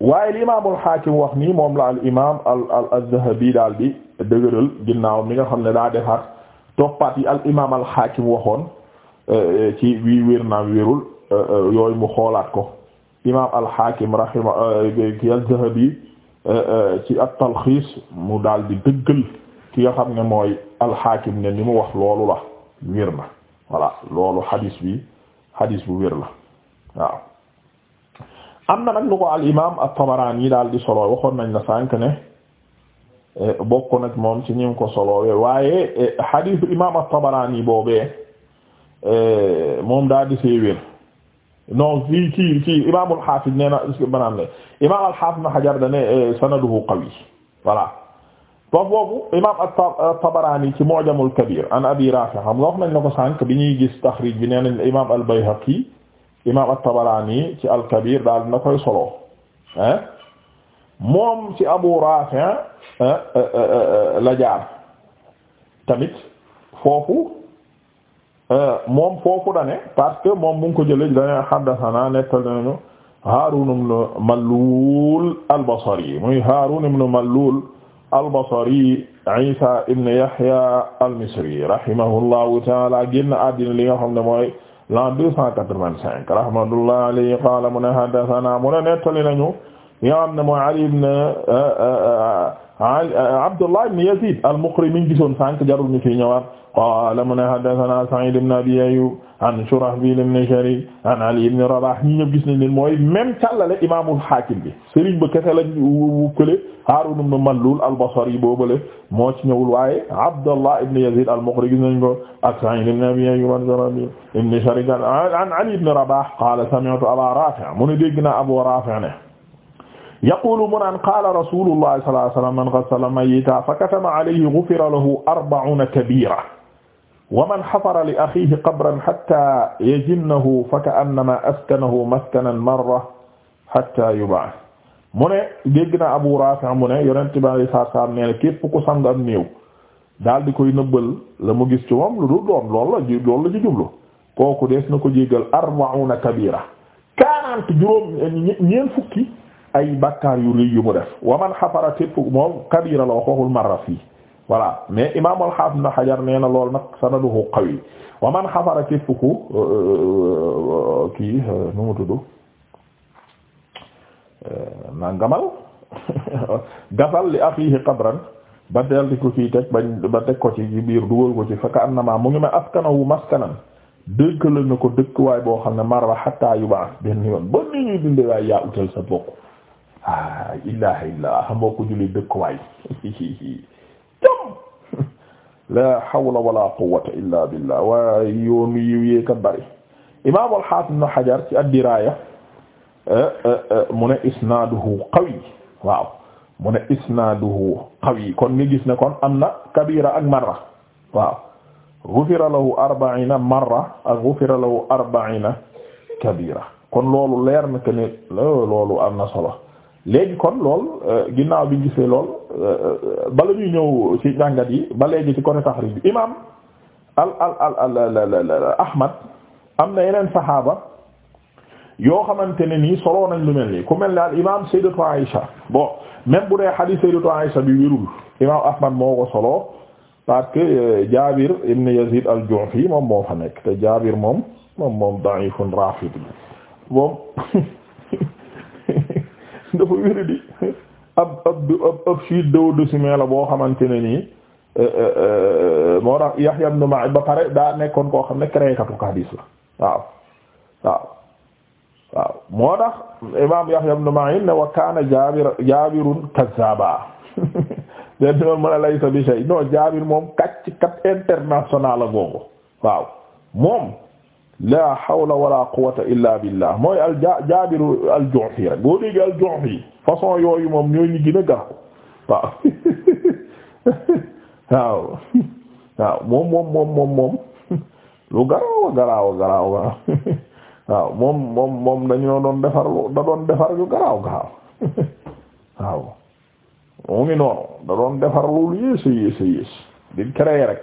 waaye li imaamul Haakim wax nii moom la al imaam al al az-Zahabi daal di dëgëral ginnaaw mi xam ne daa defar toppaat yi al imaam al Haakim waxoon euh, euh, ci wii wér naa euh, yooyu mu xoolaat ko imaam al Haakim rahima ki az-Zahabi ci at-Talxiis mu daal di dëggal ki nga xam ne mooy al Haakim ne ni mu wax loolu la wér na loolu hadis bi hadis bu wér la waaw. am na nag lu ko al imaam at-Tabarani daal di solo waxoon nañ la sànq ne e, bokk nag moom ci ñi ko solowee waaye hadith e, imaam at-Tabarani boobee moom daal di see wér non fii ci ci imaam al-Hafiz nee na maanaam ne imaam al-Hafiz na Hajar da ne e, sanaduhu qawi voilà foofu boobu imaam tabarani ci Mu'jamul Kabir an Abi Rafi' xam nga nañ la ko sànq bi ñuy gis taxrij bi ne nañ imaam al-Bayhaqi imaam at-Tabaraani ci al daal na koy solo moom ci Abu Rafi' eh, eh, eh, la jaar tamit foofu moom foofu da ne parce que moom mu ngi ko jëlee da ne haddathana nettal nañu Haarun muy Haarun ibn Malluul al ibn Yahya al-Misri rahimahullahu ta'ala génn àddina li nga mooy. l'an 285 rahmatullah alayhi qala mu ne hadathana mu ne nettali nañu yi nga xam ne mooy Ali ibn euh, euh, euh, Abdullah ibn Yazid al-Muqri mi ngi gisoon sànq jarul ñu fi ñëwaat qala mu ne hadathana Sa'id ibn Abi Ayyub an Shurahbil ibn Sharik an Ali ibn Rabah ñi ñëpp gis nañ leen mooy même càllale imaamul Hakim bi Serigne ba kese lañ wukkale Harun ibn Mallul al-Basri boobale moo ci ñëwul waaye Abdallah ibn Yazid al-Muqri gis nañ ko ak Sa'id ibn Abi Ayyub an Shurahbil ibn Sharik an Ali ibn Rabah qala sami'tu Aba Rafi' mu ne dégg naa Abu Rafi' ne yaqulu mu naan qaala rasulullah sallallahu alayhi wa sallam man ghassala mayyitan fakatama alayhi ghufira lahu arba'una kabira wa man xafara li axiihi qabran xatta yajinnahu fa ka'annama askanahu maskanan marra xatta yub'ath mu ne dégg na Abu Raafi mu ne yonent bi alayhi salaatu salaam nee na képp ku sang am néew daal di koy nëbbal la mu gis ci moom lu dul doon loolu la ji loolu la ci jublu kooku dees na ko jéggal arba'una kabira quarante juróom ñeen fukki ay bakkaar yu rëy yu mu def wa man xafara képp moom kabira la wax waxul marra fii voilà mais imaam al-Hafiz Ibn Hajar na lool nag sanaduhu qawi wa man xafara képp ku euh, euh, euh, kii nu mu tudd na ngamal gasal li axiihi qabran ba dell di ko ciy teg bañ ba teg ko ci biir dugal ko ci fa ka annama mu ngi may askanawu maskanan dëkk la na ko dëkkuwaay boo xam ne marra hatta yubaas benn yoon ba nii ñuy dundee waaye yaa utal sa bokk ah ilaaha illaa xam boo ko julli dëkkuwaay la hawla wala quwwata illa billah waaye yoonu yiw yeeka bëri imam al-hafiz ibn hajar ci ad-diraya eh, eh, eh, mu ne isnaaduhu qawi waaw mu ne isnaaduhu qawi kon nga gis ne kon am na kabira ak marra waaw ghufira lahu arba'ina marra ak ghufira lahu arba'ina kabira kon loolu leer na ke ne loolu am na solo léegi kon lool euh, ginnaaw bi gisee lool euh, bala ñuy ñëw ci njàngat yi ba léegi ci côté taxrij bi imam al al al ahmad am na yeneen saxaaba yoo xamante ne nii soloo nañ lu mel nii ku mel ne al imam sayyidatu Aisha bon même bu dee hadith sayyidatu Aisha bi wérul imam ahmad moo ko soloo parce que euh, Jaabir ibn Yazid al-Ju'fi moom fa nekk te moom moom moom da'ifun rafid moom dafa wéri di ab ab ab siid dëw décimé la boo xamante ne nii euh, euh, euh, moo tax Yahya ibn Ma'in ba pare daa nekkoon koo xam ne créekatu hadis la waaw waaw waaw moo tax imam Yahya ibn Ma'in ne wa kaana Jaabirun kazzaba den di noonu mën a laysa bi shay non Jaabir moom kàcc kat international a waaw moom la xawla wala quwwata illa billah mooy al jaabiru al ju'fi rek boo déggee al ju'fi façon yooyu moom ñooy ñi gën a garaw waaw moom moom moom moom lu garaaw garaaw garaaw garaaw moom moom moom dañoo doon defar da doon defar lu garaaw garaaw waaw mu ngi noonu da doon defar lu yées yées yées di créer rek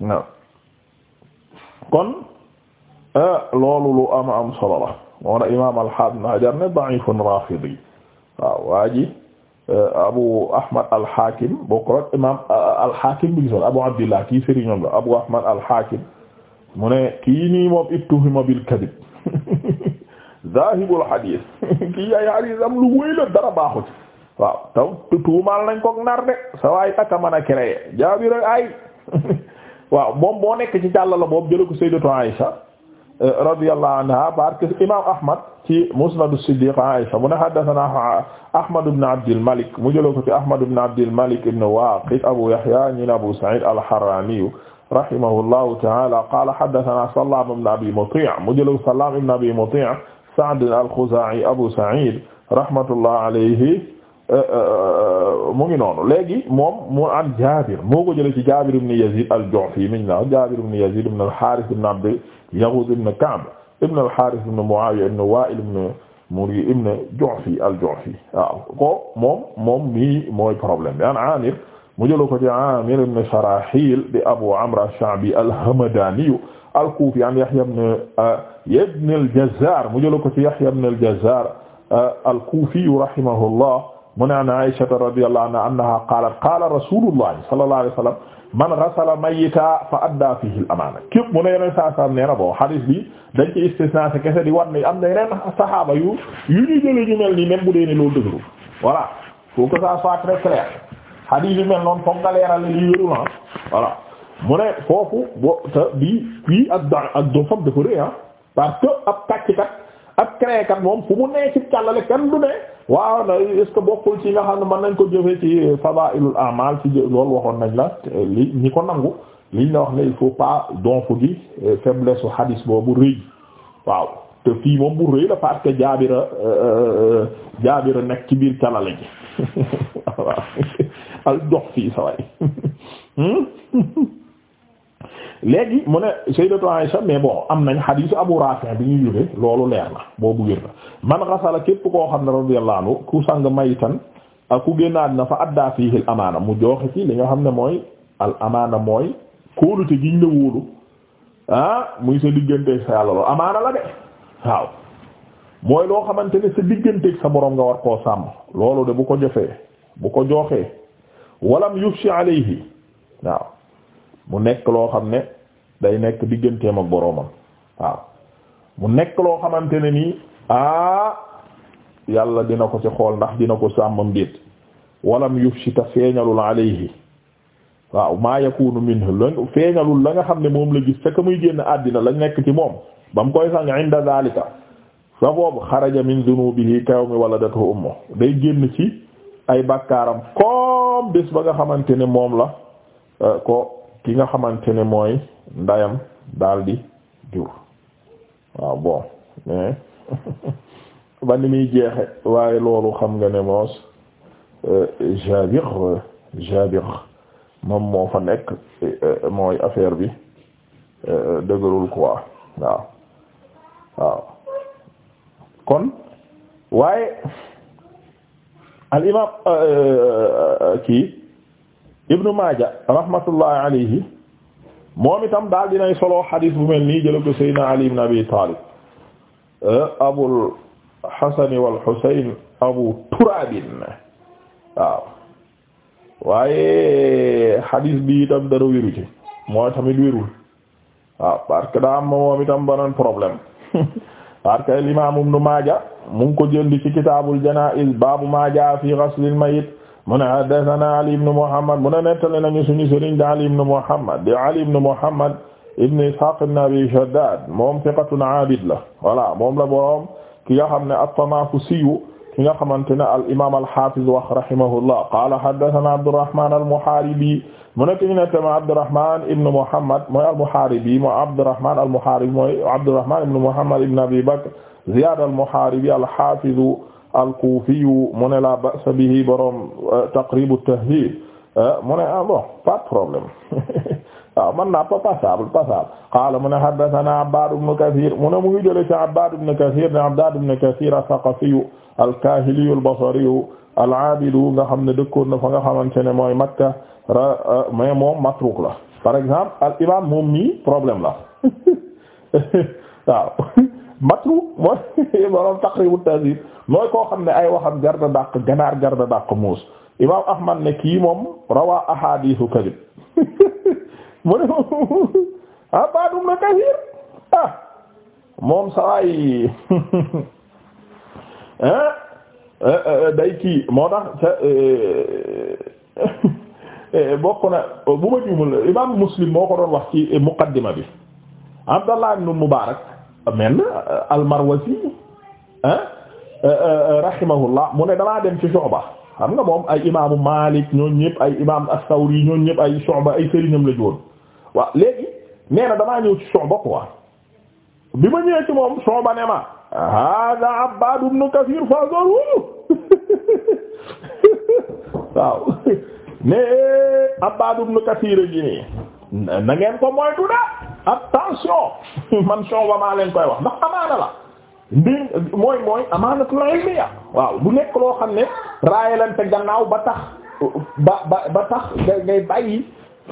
waaw kon euh, loolu lu ama am solo la moo na imaam al-Hafiz Hajar ne rafidi waa ji euh, Abu Ahmad al-Hakim bokk rek euh, al-Hakim bi Abu Ahmad al-Hakim mu ne kii nii moom ittuhima bil kadib zahibul hadith kii ay hadith am lu wéy dara baaxu tuumaal nañ ko nar de sa waay ak ay waaw moom moo nekk ci jàlla la boobu jële ko sayyidatu Aisha euh, radiyallahu anha parce que imam Ahmad ci Musnad as-Siddiq Aisha mu ne haddathana Ahmad ibn Abd al-Malik mu jële ko ci Ahmad ibn Abd al-Malik ibn Waqid Abu Yahya ñi Abu Sa'id al-Harrani rahimahullahu ta'ala qala haddathana Sallam ibn Abi Muti' mu jële ko Sallam ibn Abi Muti' Sa'd al-Khuza'i Abu Sa'id rahmatullahi alayhi Euh, euh, euh, mu ngi noonu léegi moom mu an Jaabir moo ko jëlee ci Jaabir ibn Yazid al-Ju'fi min na Jaabir ibn Yazid ibn al-Harith ibn Abd Yaghuz ibn Ka'b ibn al-Harith ibn Muawiya ibn Wa'il ibn Murri ibn Ju'fi al-Ju'fi waaw ko moom moom mii mooy problème bi an Amir mu jëloo ko ci Amir ibn Sharahil di Abu Amr ash-Sha'bi al-Hamadani al-Kufi an Yahya ibn uh, al-Jazzar mu jëloo ko ci Yahya ibn al-Jazzar uh, al-Kufi rahimahullah mu ne an Aysata radiyallahu anha annaha qaalat qaala rasulullahi sallallahu alayhi wa sallam man ghasala mayyita fa adda fihi al-amaana képp mu ne yeneen saa bi dañ ci istisna si kese di war ne am na yeneen saxaaba yu yu ñuy jëlee ñu mel nii même bu dee ne loolu dëgg voilà faut que ça soit yu mel noonu foog nga leeral li wérul ah voilà mu ne foofu bo te bii fii ak ak doom dafa rëy ah parce ab pàcc kat. ak créekat moom fu mu nee ci càllale kenn du ne waaw na est bokkul ci nga xam ne mën nañ ko jëfee ci fadailul amal ci loolu waxoon nañ la li ñi ko nangu liñ la wax ne il faut pas donfu gi euh, faiblesse hadis boobu rëy waaw te fii moom bu rëy la parce que jaabira euh, euh, jaabira nekk ci biir calale ji waaw al jox fii saway hmm? léegi mu ne sayyidatu Aisha mais bon am nañ xadiisu Abu Rafi bi ñu jóge loolu leer na boobu wér na man xasala képp koo xam ne radiyallahu anhu ku sang maytan ak ku génnaat na fa addaa fiihil amaana mu joxe ci li nga xam ne mooy al amaana mooy kóolute giñ la wóolu ah muy sa digganteeg sa yàlla loolu amaana la de waaw mooy loo xamante ne sa digganteeg sa borom nga war koo sàmm loolu de bu ko jofee bu ko jooxee joxee walam yufshi alayhi waaw mu nekk loo xam ne day nekk digganteem ak boroomam waaw mu nekk loo xamante ne nii aa ah, yàlla dina ko ci xool ndax dina ko sàmmam déet walam yufshita feeñalul alayhi waaw maa yakunu minhu la feeñalul la nga xam ne moom la gis fekk muy génn àddina la nekk ci moom ba mu koy sang inda zalika sa boobu xaraja min dunubihi kawmi waladatu ummu day génn ci ay bàkkaaram comme ba nga xamante ne moom la eh, ko ki nga xamante ne mooy ndayam daldi jur waaw bon mais ba ni muy jeexe waaye loolu xam nga ne moos euh, Jabir Jabir moom moo fa nekk euh, mooy affaire bi euh, dëgërul quoi waaw waaw kon waaye al imam kii Ibnu Maaja rahmatullahi alayhi moom itam daal dinay solo xadis bu mel nii jële ko Seydina Ali ibn Abi Talib eh, Abul Hasan wal Husayn Abu Turaabin waaw waaye xadis bi itam dara wéru ci mooy tamit wérul waaw parce que daa am moom itam beneen problème parce que al imaam Ibnu Maaja mu ngi ko jël ci kitaabul janaa'iz baabu maa jaa'a fii ghaslil mayyit mu ne haddathana Ali ibn Muhammad mu ne nettali nañu suñu sëriñ di Ali ibn Muhammad di Ali ibn Muhammad ibn Ishaq ibn Abi Shaddad moom thiqatun abid la voilà moom la boroom ki nga xam ne at-Tanafusiyu ki nga xamante ne al imaam al haafiz wax rahimahullah qaala haddathana Abdurrahman al-Muharibi mu nekk ñu ne tamit Abdurrahman ibn Muhammad mooy al-Muharibi mooy Abdurrahman al-Muharibi mooy Abdurrahman ibn Muhammad ibn Abi Bakr Ziyad al-Muharibi al-Hafiz al-Kufiyu mu ne la ba'sa bihi borom euh, Taqrib at-Tahdhib euh, mu ne ah bon pas de problème waaw ah, man naa pas passable passable qaala mu ne haddathana Abbad ibn Kathir mu ne mu ngi jëlee ci Abbad ibn Kathir ne Abbad ibn Kathir as al-Kahiliyu al-Basriyu al-Abidu nga xam ne dëkkoon na fa nga xamante mooy euh, la par exemple al imam moom mi problème la matru mooy borom xam ne ay wax garda dàq ganaar garda dàq muus imam ahmad ne kii moom rawa ahadithu kadib mu ne ah na kathir ah moom sawaay ah, eh, eh, eh, day kii moo tax bokk na muslim moo ko doon wax ci muqaddima bi abdallah ibn mubarak men euh, al-Marwazi euh, euh, rahimahullah mu ne damaa dem ci Shu'ba xam nga moom ay imaamu Maalik ñooñu ñëpp ay imaam as-Sawri ñooñu ay Shu'ba ay sëriñam la joon waaw léegi nee na damaa ñëw ci Shu'ba quoi bi ma ñëwee ci moom Shu'ba ne ma hada Abbaad ibn Kasiir fazuru waaw ne Abbaad ibn Kasiir a ngi nii ko moytu attention man soo ba maa leen koy wax ndax amaana la mbir mooy mooy amaanatul ilmiya waaw bu nekk loo xam ne raayalante gannaaw ba tax ba ba ba tax ngay bàyyi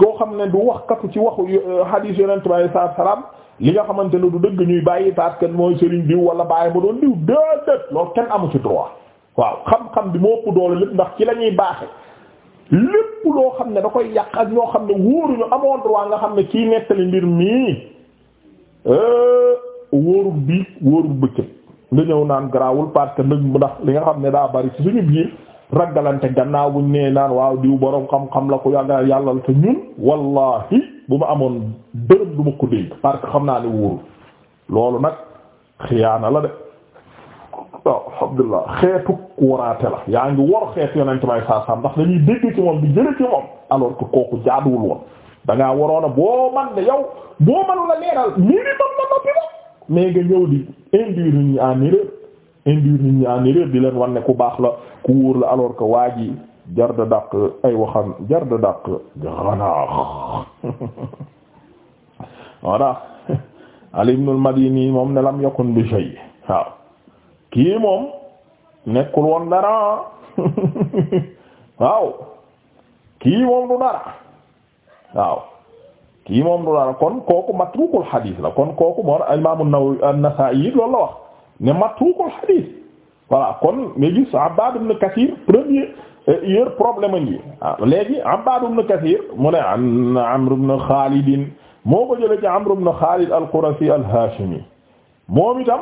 koo xam ne du wax katu ci waxu euh, hadith yonent bi sallallahu alayhi wasallam li nga xamante ne du dëgg ñuy bàyyi parce que mooy Serigne diw wala bàyyi ma doon diw déedéet loolu kenn amu ci droit waaw xam-xam bi moo ëpp doole lépp ndax ci la baaxe lépp loo xam ne da koy yàq ak ñoo xam ne wóoruñu amoon droit nga xam ne kii nettali mbir mii euh, wóorul bii wóorul bëccëg nga ñëw naan garaawul parce que ndëg mu ndax li nga xam ne daa bari ci suñu biir raggalante gannaaw buñ nee naan waaw diw boroom xam-xam la ko yàgga yàlla la te ñun wallahi bu ma amoon dërëm du ko dégg parce xam naa ne wóorul loolu nag xiyaana la de waaw Abdullah xeetu waraate la yaa ngi war xeetu yonent may saasaam ndax dañuy dégg ci moom kooku jaaduwul woon dangaa waroon boo man de yow boo manu la leeral minimum na noppi la mais nga ñëw di induire nit ñi en erreur induire nit ñi di leen wan ku baax la ku wóor la alors que waa ji jar da dàq ay waxam jar da ganaax voilà Ali madini moom ne lam yakun bi shay waaw kii moom nekkul woon dara waaw moom du dara waaw kii moom kon kooku matrukul xadiis la kon kooku wax ne matrukul xadiis voilà kon nga gis Abbaad ibn Kasiir premier eh, hier problème a ngi ah, léegi Abbaad ibn Kasiir mu ne an Amr ibn Xaalid al-Qurashi al-Haashimi moom itam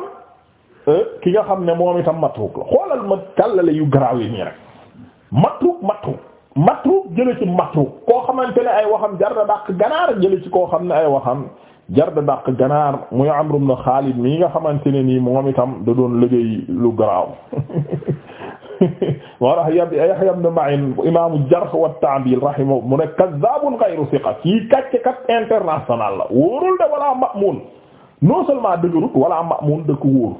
ki nga xam ne moom itam matruk la xoolal ma yu garaaw yi nii rek matruk matruk matruk jële matruk koo xamante ne ay waxam jar da dàq ganaar jële koo xam ne ay waxam jar da dàq muy Amru ibn Xaalid mii nga xamante ne ni moom itam da doon liggéey lu garaaw moo tax Yahya ibn Ma'in imaamu jarh wa ta'dil rahimahu mu ne kazzaabun ghayru thiqa kii kàccekat international la wóorul de wala ma'muun non seulement dëgërut wala ma'muun dëkk wóor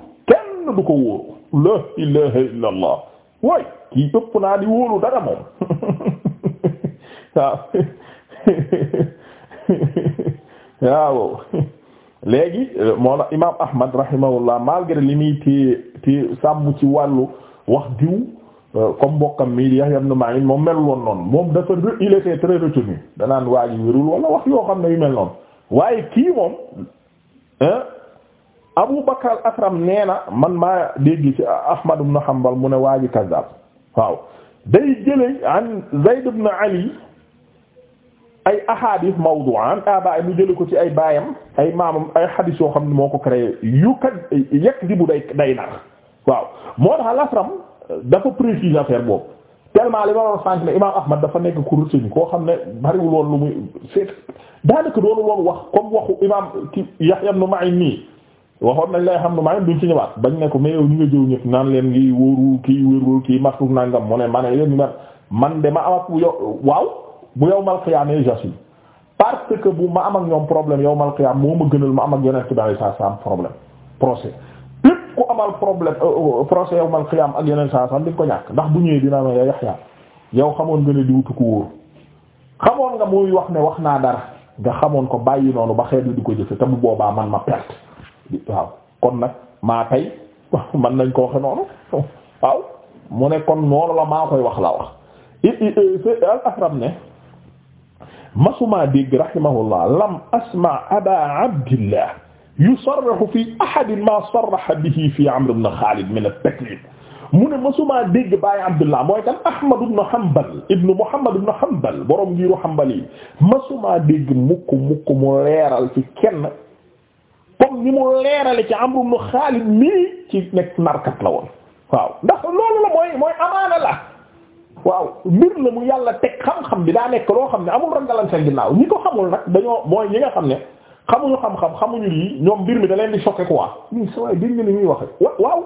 kenn du ko wóoru la ilaha illa allah waay kii ëpp naa di wóolu dara moom waaw waaw léegi moo la imam ahmad rahimahullah malgré li muy téye téye sàmm ci wàllu wax diw comme mbokkam mii di Yahya ibn Ma'in moom melul woon noonu moom dafa il était très retenu danaan waa wérul wala wax yoo xam ne yu mel noonu waaye kii moom Abu Bakr al-Asram nee na man maa dégg ci Ahmad ibn Hanbal mu ne waa ji waaw day jëlee an Zayd ibn Ali ay ahadith mawdu'an aba ah, mu jëlee ko ci ay baayam ay maamam ay hadith yoo xam ne moo ko créé yu kat yakdibu day day nar waaw moo tax al-Asram dafa ma doon sànq ne Imaam Ahmad dafa nekk ku routine koo xam ne bariwul woon lu muy c'est daanaka doonul woon wax comme waxu Imaam Yahya ibn Ma'in nii. waxoon nañ lay xam ne maa ngi duñ ci ñëwaat bañ ne ko mais yow ñu nga jëw ñëpp naan leen ngi wóoru kii wérul kii matul nangam mu ne ma ne leen man man de ma am ak yow waaw bu yow mal xiyaamee jasu parce bu ma am ak ñoom problème yow mal xiyaam moo ma gënal ma am ak yonent bi alayhi salaam problème procès lépp ku amal problème euh, euh, yow mal xiyaam ak yonent saa saam di nga ko ñàkk ndax bu ñëwee dina ma yow Yaxya yow xamoon nga ne di wutu ko xamoon nga muy wax ne wax naa dara nga xamoon ko bàyyi noonu ba xeet di ko jëfe te bu boobaa man ma perte waaw kon nag maa tey man nañ ko waxe noonu waaw mu ne kon noonu la maa koy wax la wax al ahram ne masumaa dégg rahimahullah lam asma aba abdillah yusarrihu fi ahadin ma sarraha bihi fi amr ibn xaalid min at-taklif mu ne masumaa dégg baay abdullah mooy kan ahmad ibn hanbal ibn muhammad ibn hanbal borom ngiiru hanbali masumaa dégg mukk mukk mu leeral ci kenn comme ni mu leerale ci Amru ibn Xaalid mii ci nekk narkat la woon waaw ndax loolu la mooy mooy amaana la waaw mbir la mu yàlla teg xam-xam bi daa nekk loo xam ne amul rangalan ginnaaw ñi ko xamul nag dañoo mooy ñi nga xam ne xamuñu xam-xam xamuñu lii ñoom mbir mi da leen di choqué quoi ñii sa waay dégg nga ni muy waxe waaw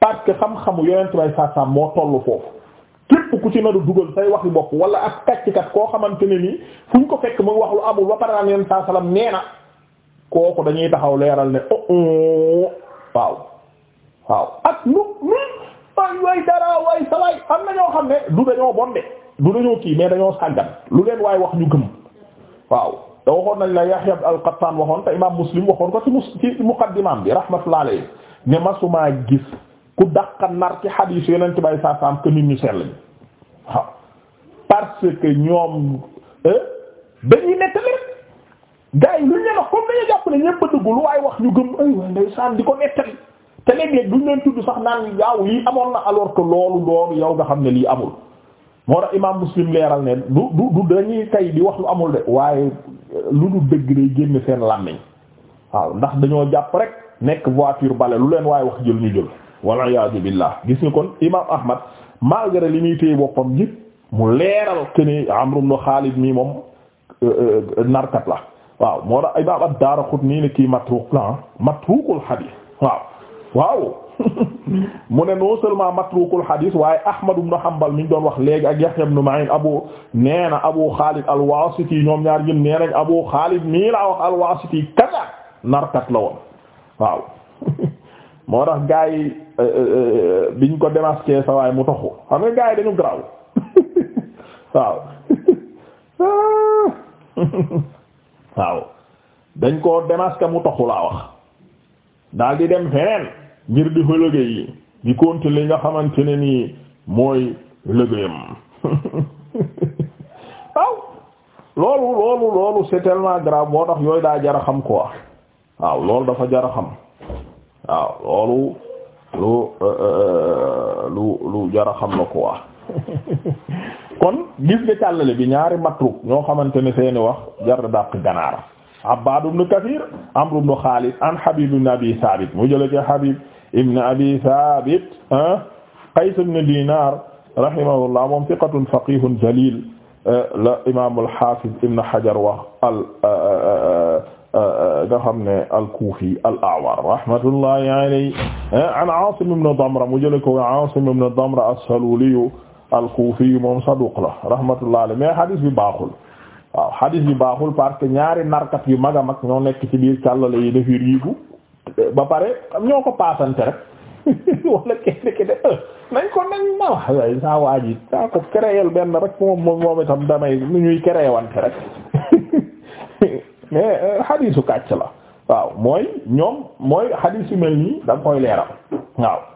parce xam-xamu yonent bay sasam moo tollu foofu képp ku ci naru dugal say waxi bopp wala ak kàccikat koo xamante ne nii fu ñu ko fekk mu wax lu ba pare naan yonent saa kooku dañuy taxaw leeral ne o oh, oh, waaw waaw ak nu mi waay dara waay salaay am na ñoo xam ne du dañoo bonde du dañoo kii mais dañoo sàggan lu leen waaye wax ñu gëm waaw te waxoon nañ la Yahya al-Qattan waxoon te imam Muslim waxoon ko ci mu ci muqaddimaam bi rahmatullah alayhi ne masuma gis ku dàqa nar ci xadiis yeneen bay saa saam que ñu sell bi parce que ñoom eh, dañuy nettali gars yi luñ leen wax comme dañu jàpp ne ñépp a dëggul waaye wax ñu gëm di ko nettali te léeg-léeg duñ leen amoon na alors que yow nga xam ne lii amul moo tax imaam ne du du du di wax lu amul de waaye lu du dëgg day génn seen làmmiñ waaw ndax dañoo jàpp rek nekk voiture bale lu leen waaye wax jël ñu jël walla iyaazu billaah gis ñu kon imaam ahmad malgré li muy téye boppam yëpp mu leeral que ni Amr ibn Khalid mii moom euh, euh, narkat la waaw moo tax imaam ad-Daaraqutni ne matruuk la matruukul xadiis waaw waaw mu ne non seulement matruukul xadiis waaye Ahmad ibn Hanbal mi doon wax léegi ak Yahya ibn Ma'in abu nee na abu Xaalid al-Waasiti ñoom ñaar ñun nee abu Xaalid mii laa wax al-Waasiti kaza narkat la woon waaw moo tax gaa euh, euh, euh, biñ ko démasqué sa waaye mu taxu xam nga dañu graw waaw. Ah. waaw dañ ko démasqué mu toxu laa wax daal di dem feneen ngir di fa liggéey di continuer li nga xamante ne nii mooy liggéeyam waaw loolu loolu loolu c'est tellement grave moo tax yooyu daa jar a xam quoi waaw loolu dafa jar a xam waaw loolu lu euh, euh, euh, lu lu jar a xam la quoi kon gis nga càllale bi ñaari matruk ñoo xamante ne seeni wax jar dàq ganaara Abbaad ibn Kathir Amr ibn Khalid an Habib ibn Abi Thabit mu jële ci Habib ibn Abi Thabit ah, Qays ibn Dinar rahimahullah moom thiqatun faqihun jalil eh, la imam al-Hafiz ibn Hajar wa al eh, eh, nga xam ne al-Kufi al-A'war rahmatullahi alayhi an Asim ibn Damra mu jële ko Asim ibn Damra as-Saluli al-Kufi moom saduq la rahmatullah alayhi mais hadith bi baaxul waaw hadith bi baaxul parce que ñaari narkat yu mag a mag ñoo nekk ci biir càllale yi dafi riigu ba pare ñoo ko paasante rek wala kenn ki de nañ ko nañ ma waaye saa waaj yi saa ko créer benn rek moom moom moom itam damay nu ñuy créer rek mais euh, hadisu kàcc la waaw mooy ñoom mooy hadis yu mel nii da koy leeral waaw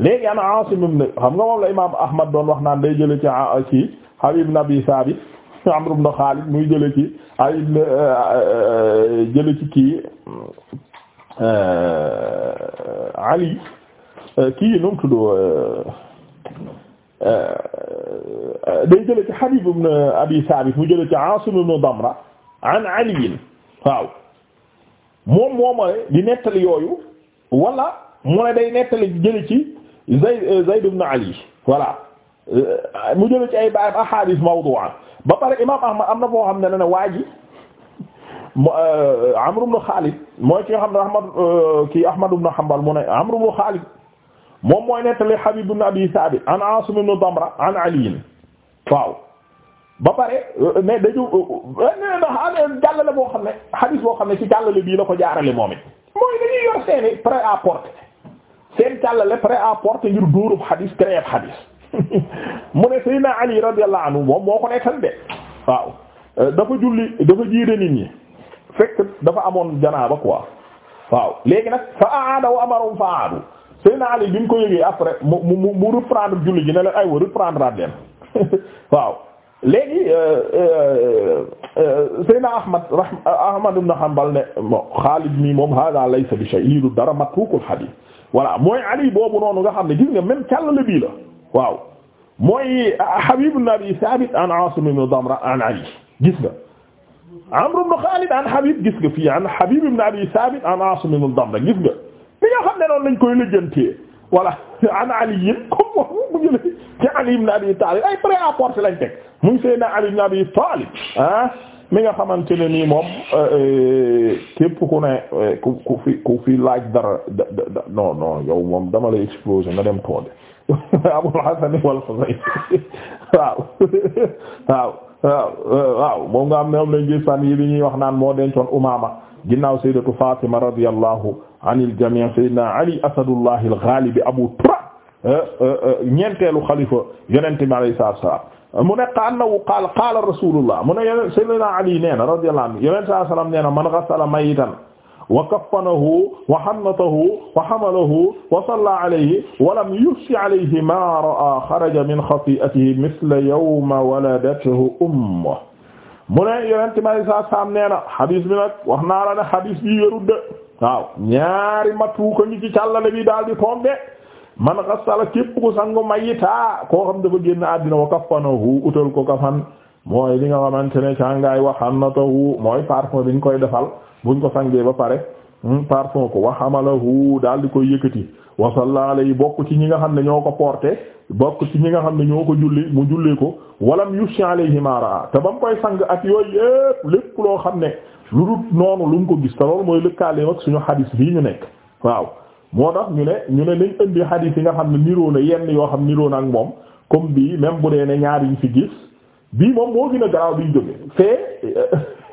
léegi ana Aasim na xam nga moom la imaam Ahmad doon wax naan day jële ci ci Habib ibn Abi Sabit Amr ibn Khalid muy jële ci ci kii Ali kii nu mu day jële ci Habib ibn Abi Sabit mu jële ci Aasim ibn Damra an Ali waaw moom moomale di nettali yooyu wala mu ne day nettali jële ci Zayd euh, Zayd ibn Ali voilà euh, mu jële ci ay baayam ahadis mawdu'a ba pare imam Ahmad am na foo xam ne ne ne waa ji euh, Amr ibn Khalid mooy ki nga xam ne Ahmad kii Ahmad ibn Hanbal mu ne Amr ibn Khalid moom mooy nettali Habib ibn Abi Thabit an Asim ibn Damra an Ali waaw ba ne jàllale boo xam ne hadis boo xam ne ci jàllale bii la ko jaarale moom it mooy dañuy yor seeni prêt à seen càllale prêt à porter ngir dóorub xadis créeb xadis mu ne Seydina Ali radiyallahu anhu moom moo ko nekkal de waaw euh, dafa julli dafa jiite nit ñi fekk dafa amoon janaaba quoi waaw léegi nag fa aada wa amarum fa aadu Seydina Ali bi mu ko yëgee après mu mu mu reprendre julli ji ne leen aywa reprendre at den waaw léegi euh, euh, Seydina Ahmad Ahmad ibn Hanbal ne bon Xaalid mi moom hada laysa bi shay lii du dara matrukul hadith voilà mooy ali boobu noonu nga xam ne gis nga même càllale waaw mooy xa ibn Abi Thabit an Asim ibn Damra an Ali gis nga Amr ibn an Habib gis nga fii an Habib ibn Abi Thabit an Asim ibn Damra gis nga li nga xam ne noonu lañ koy lëjjantee voilà an Ali yëpp comme moom mu jëlee ci Ali ibn Abi Talib ay prêt-à-porter lañ teg muy Seydina Ali Abi Talib ah mi nga xamante ne nii moom euh, euh, képp ku ne euh, ku ku fi ku laaj dara da da non non moom dama lay exploser nga dem toode Abul Hasan wal Husayn waaw waaw moom nga am ne moom lañ gis fan yi bi ñuy wax naan moo dencoon Umaama ginnaaw sayyidatu Fatima radiyallahu anil jami' sayyidina Ali asadullah al-ghalib Abu Turab ñeenteelu xalifa yonente bi alayhi salaatu wa salaam mu ne annahu qaala qaala rasulullah mu ne yeneen sayyidina Ali nee na radiyallahu anhu yeneen saa salaam nee na man ghassala mayitan wa kaffanahu wa hannatahu wa hamalahu wa salla alayhi wa lam yufsi alayhi ma ra'a xaraja min xati'atihi mithla yawma waladathu ummuhu mu ne yeneen tamit saa saam nee na xadis bi nag wax naa la ne xadis bi wérul de waaw ñaari matu ko ñu ci càllale bi daal di tombé. man xasala képp ko sangu mayita koo xam dafa génn àddina wa kafanahu utal ko kafan mooy li nga xamante ne càngaay wa hannatahu mooy parfum biñ koy defal buñ ko sangee ba pare hmm, parfum ko wa hamalahu daal di koy yëkkati wa salla alayhi bokk ci ñi nga xam ne ñoo ko porté bokk ci ñi nga xam ne ñoo ko julli mu jullee ko walam yushi alayhi a te ba mu koy sang ak yooyu yépp lépp loo xam ne lu dul noonu lu mu ko gis te loolu mooy lëkkaaleem ak suñu hadis bii ñu nekk waaw moo tax ñu ne ñu ne lañ indi hadith yi nga xam ne niroo na yenn yoo xam niroo na ak moom comme bii même bu dee ne ñaar yiñ fi gis bii moom moo gën a garaaw biñ jóge fee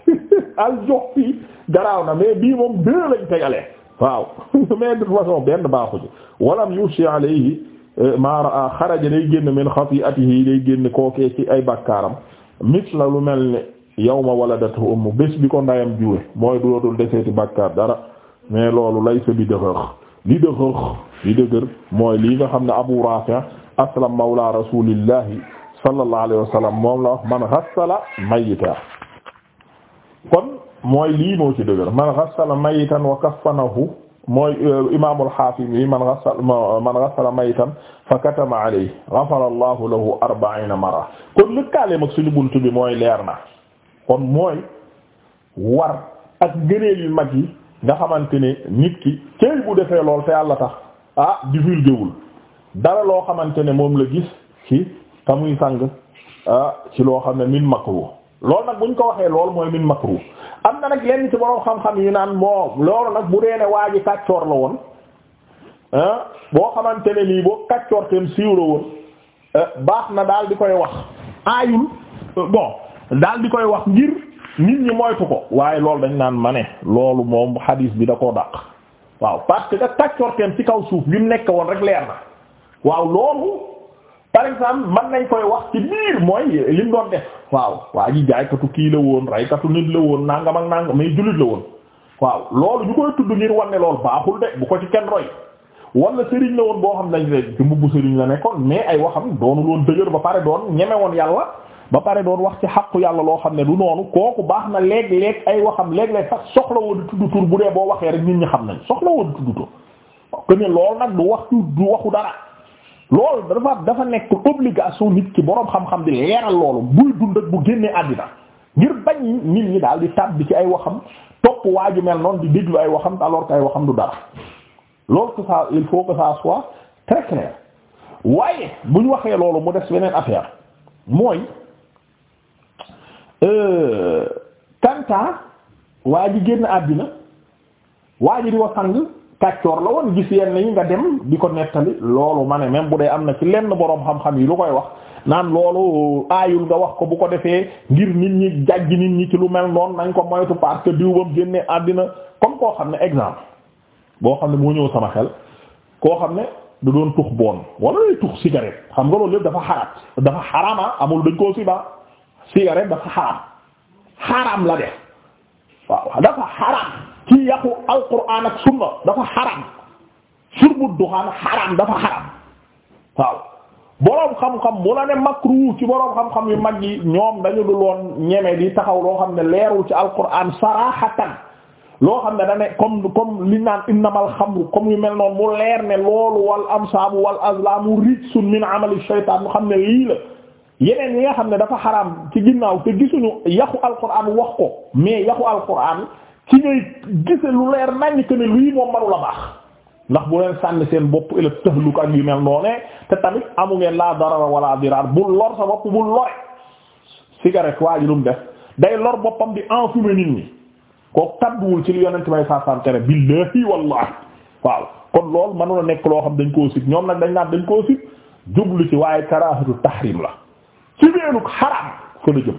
al jox fii garaaw na mais bii moom deux lañ tegalee waaw mais de toute façon benn baaxuji walam yusi alayhi euh, ma raa xaraja day génn min xati'atihi day génn kookee ci ay bakkaaram la lu mel ni yawma waladatu ummu bés bi ko ndayam juwe mooy dootul deseeti bakkaar dara mais loolu lay sa bi dëfër li dëgër li dëgër mooy lii nga xam ne Abu Rafi' aslam mawla rasulillahi sallallahu alayhi wa sallam moom la wax man ghassala mayita kon mooy lii moo ci dëgër man ghassala mayitan wa kaffanahu mooy euh, imaamul xaafim yi man ghassala man ghassala mayitan fa katama alayhi ghafara allahu lahu arba'ina marra kon lëkkaaleem ak suñu bunt bi mooy leer na kon mooy war ak gëneel yu mag yi nga xamante ne nit ki cëy bu defee lool te yàlla tax ah divulgué wul dara loo xamante ne moom la gis ci te muy sang ah ci loo xam ne min makruh lool nag buñ ko waxee lool mooy min makruh am na nag lenn ci borom xam-xam yu naan moo loolu nag bu dee ne waa ji kàccoor la woon ah boo xamante ne nii boo kàccoor teen siiw la woon ah, baax na daal di koy wax aayul bon daal di koy wax ngir. nit ñi moytu ko waaye loolu dañ naan ma ne loolu moom hadis bi da koo dàq waaw parce que da tàccorteem ci kaw suuf bi mu nekk woon rek leer na waaw loolu par exemple man nañ koy wax ci biir mooy li mu def waaw waa ji jaaykatu kii la woon raykatu nit la woon nangam ak nangam mais jullit la woon waaw loolu ñu koy tudd ngir wan ne baaxul de bu ko ci kenn roy wala sëriñ la woon boo xam nañ ne ci mbubb sëriñ la nekkoon mais ay waxam doonul woon dëgër ba pare doon ñeme woon yàlla ba pare doon wax ci xaqu yàlla loo xam ne du noonu kooku baax na léeg-léeg ay waxam léeg-léeg sax soxla woo di bu dee boo waxee rek nit ñi xam nañ soxla woo di tudd tur que ne loolu nag du wax du waxu dara loolu dafa dafa nekk obligation nit ki boroom xam-xam di leeral loolu buy dund bu génnee àddina ngir bañ nit ñi daal di tàbbi ci ay waxam topp waa ju mel noon di déglu ay waxam alors que ay waxam du dara loolu que ça il faut que ça soit très clair bu ñu waxee loolu mu des beneen affaire mooy. Euh, kanta waa ji génn àddina waa ji di wa sang kàccoor la woon gis yenn yi nga dem di ko nettali loolu ma ne même bu dee am na ci lenn boroom xam-xam yi lu koy wax naan loolu aayul nga wax ko bu ko defee ngir nit ñi jàjj nit ñi ci lu mel noonu nañ ko moytu parce que diw bam génnee àddina comme koo xam ne exemple boo xam ne moo ñëw sama xel koo xam ne du doon tux boon wala lay tux cigarette xam nga loolu lépp dafa xaraat dafa xarama amul dañ koo siba cigarette dafa xaraam xaraam la def waaw dafa xaraam ci yàqu alquran ak sunna dafa xaraam surbu duxaan xaraam dafa xaraam waaw boroom xam-xam bu la ne makruh ci boroom xam-xam yu mag yi ñoom dañu dul woon ñeme di taxaw loo xam ne leerul ci alquran sarahatan loo xam ne da ne comme comme li naan innamal xamru comme yu mel noonu mu leer ne loolu wal amsaabu wal azlaamu rijsun min amali shaytaan mu xam ne lii la. yeneen yi nga xam ne dafa xaraam ci ginnaaw te gisuñu yaxu alquran wax ko mais yaxu alquran ci ngay gise lu leer nañ que ne lii moom mënu la baax ndax bu leen sànni seen bopp ila tahluka ak yu mel noonu te tamit amu ngeen laa darara wala diraar bu lor sa bopp bu lore cigarette waa ji lu def day lor boppam di enfumer nit ñi koo kadduwul ci li yonent may saasan tere billahi wallahi waaw kon loolu mënu la nekk loo xam dañ koo sit ñoom nag dañ naan dañ koo sit ci waaye karaahatu tahrim la ci weenu xaraam fa la jëm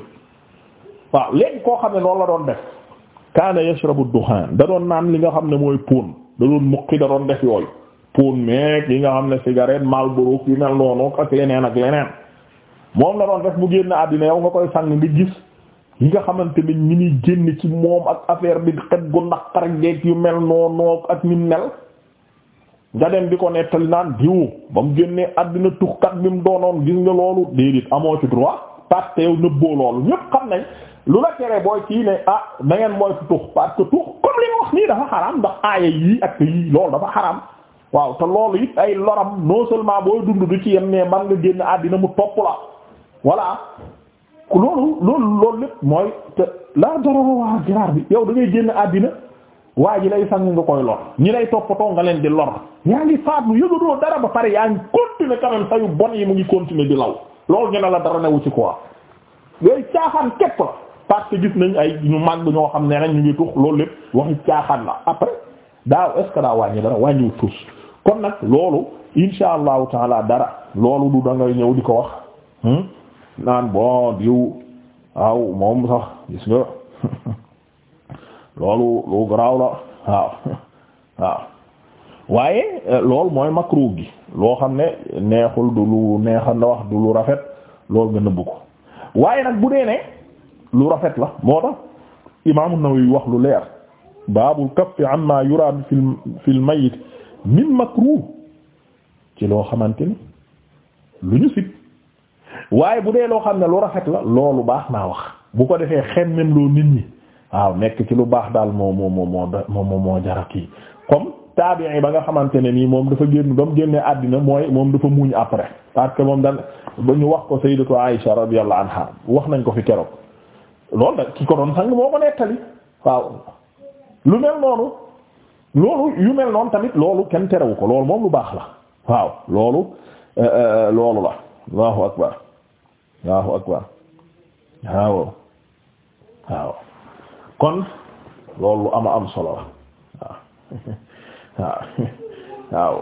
waaw léegi koo xam ne loolu la doon def kaana yashrabu duxaan da doon naan li nga xam ne mooy póon da doon muqi da doon def yooyu póon meek yi nga xam ne cigarette Marlboro yi mel noonu ak ak leneen moom la doon def mu génn àddina yow nga koy sàng nga gis nga xamante ni ñi muy génn ci moom ak affaire bi xet gu naqar geek yu mel noonu ak ni mel nga dem di ko nettali naan diwu ba mu génnee àddina tuxkat bi mu doonoon gis nga loolu déedéet amoo ci droit parce que yow nëbboo loolu ñépp xam nañ lu la tere booy kii ne ah na ngeen tux parce que tux comme li nga wax nii dafa xaraam ndax aaya yii ak yii loolu dafa xaraam waaw te loolu it ay loram non seulement booy dund du ci yem ne man nga génn àddina mu topp la voilà loolu loolu loolu lépp mooy te laa doro waa giraar bi yow dangay ngay génn àddina waa ji lay sang nga koy lor ñi lay toppatoo nga leen di lor yaa ngi faatu yëgadoo dara ba pare yaa ngi continuer quand même sayu bon yi mu ngi continuer di law loolu ñu ne la dara newu ci quoi yooyu caaxaan képp la parce que gis nañ ay ñu màgg ñoo xam ne nañ ñu ngi tux loolu lépp waxi caaxaan la après daaw est-ce que daa wàññi dara wàññiwu tuus kon nag loolu insha allahu taala dara loolu du da ñëw di ko wax hmm? naan bon diw waaw moom sax gis nga loolu lu garaaw la waaw waaye eh, loolu mooy makruh gi loo xam ne neexul du lu neexa na wax du lu rafet loolu nga nëbb ko waaye nag bu dee ne lu rafet la moo tax imaam an-Nawawi wax lu leer baabul kaffi amma yuraad fil fil mayyit min makruh ci loo xamante ni lu ñu sit waaye bu dee loo xam ne lu rafet la loolu baax naa wax bu ko defee xemmem loo nit ñi waaw nekk ci lu baax daal moo moo moo moo moo moo jara kii comme taabi'i ba nga xamante ne nii moom dafa génn ba mu génnee àddina mooy moom dafa muuñ après parce que moom daal ba ñu wax ko sayyidatu Aisha radiyallahu anha wax nañ ko fi keroog loolu da ki ko doon sang moo ko nettali waaw lu mel noonu loolu yu mel noonu tamit loolu kenn terewu ko loolu moom lu baax la waaw loolu eh, eh, loolu la allahu akbar allahu waaw kon loolu ama am solo la waaw waaw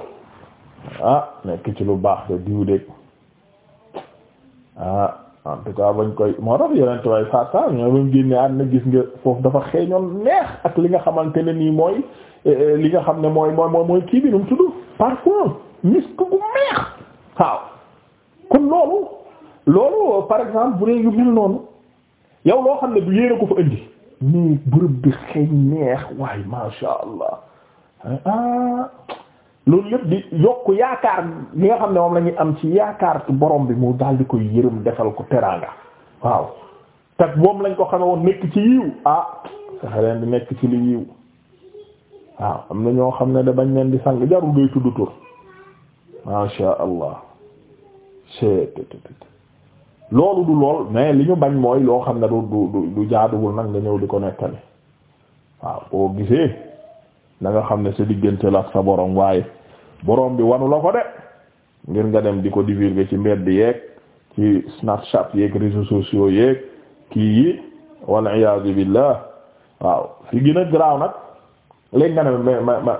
ah nekk ci lu baax de diw de ah en tout cas bañ koy moo tax yeneen tubaab saa saa ñoo ngi génne ànd na gis nga foofu dafa xeeñoon neex ak li nga xamante ne nii mooy eh, eh, li nga xam ne mooy mooy mooy kii bi nu mu tudd parfum misk gu neex waaw kon loolu loolu par exemple bu dee yu mel noonu yow loo xam ne du yéene ko fa indi. nii bërëb bi xëy neex waaye masha allah ah, loolu lépp di yokk yaakaar li nga xam ne moom la am ci yaakaar borom bi mu daal di koy yërëm defal ko teraanga waaw te moom lañ ko xame woon nekk ci yiw ah saxe leen nekk ci li yiw waaw am na ñoo xam ne da bañ leen di sang jarul ngay tudd tur masha allah ctt loolu du lool mais li ñu bañ mooy loo xam ne du du du jaaduwul nag nga ñëw di ko nettali waaw boo gisee na nga xam ne sa diggante la ak sa boroom waaye borom bi wanu la ko de ngir nga dem di ko divulguer ci mbedd yeeg ci Snapchat yeeg réseaux sociaux yeeg kii yi wal iyaazu billah waaw fi gën a garaaw nag léegi nga ne ma ma ma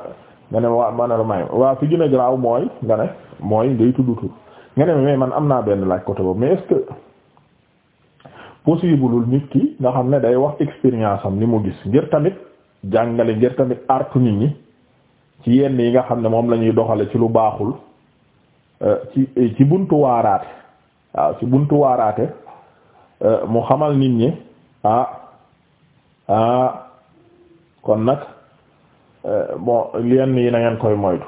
nga ne ma waa fi gën a garaaw mooy nga ne mooy ngay tudd nga ne man am naa benn laaj côté boobu mais est que possible nit ki nga xam ne day wax expérience am li mu gis ngir tamit jàngale ngir tamit artu nit ñi ci yenn yi nga xam ne moom lañuy doxale ci lu baaxul euh, ci buntu waaraate waaw ci buntu waaraate euh, mu xamal nit ñi ah ah kon nag euh, bon yenn yi na ngeen koy moytu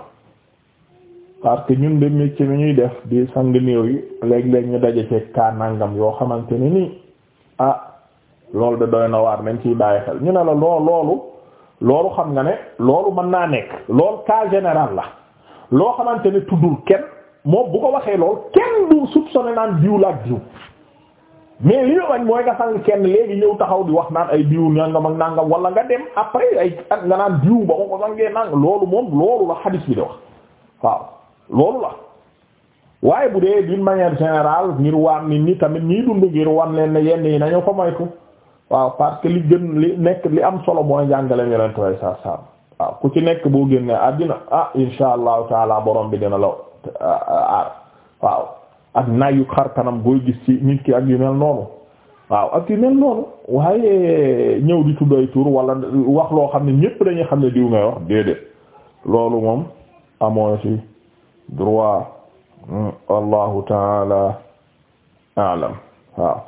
parce que ñun de métier mi ñuy def di sang néew yi léeg-léeg ñu daje ci kaa nangam yoo xamante ni nii ah loolu de doy na waar nañ ciy bàyyi xel ñu ne la loo loolu loolu xam nga ne loolu mën naa nekk lool cas général la loo xamante ne tuddul kenn moom bu ko waxee lool kenn du soupçonné naan diw la ak diw mais li ñu wañ mooy nga sang kenn léegi ñëw taxaw di wax naan ay diw nangam ak nàngam wala nga dem après ay nga naan diw ba ma ko sangee nang loolu moom loolu la waaye bu dee d'une manière générale ngir waan nit ñi tamit ñi dund ngir wan leen ne yenn yi nañu ko moytu waaw parce que li gën li nekk li am solo mooy jàngale yonent way sa sam waaw ku ci nekk boo génnee àddina ah insha allahu taala borom bi dina law ah, aar waaw ak nayu xar kanam booy gis ci nit ki ak yu mel noonu waaw ak yu mel noonu waaye ñëw di tudd ay tur wala wax loo xam ne ñépp dañuy xam ne diw ngay wax déedéet loolu moom amoo ci droit wallahu hmm, taala alam waaw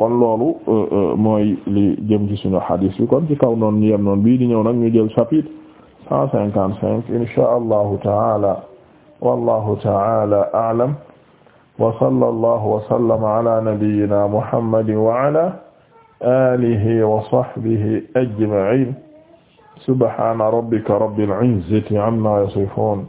kon loolu uh, uh, mooy li jëm ci suñu hadis bi kon ci kaw noonu ñu yem noonu bii di ñëw nag ñu jël chapitre cent cinquante cinq inshaa allahu taala wallahu taala alam wa sallallahu wa sallama ala nabiyyina muhammadin wa ala alihi wa sahbihi ajma'in subhana rabbika rabbil izzati amma yasifun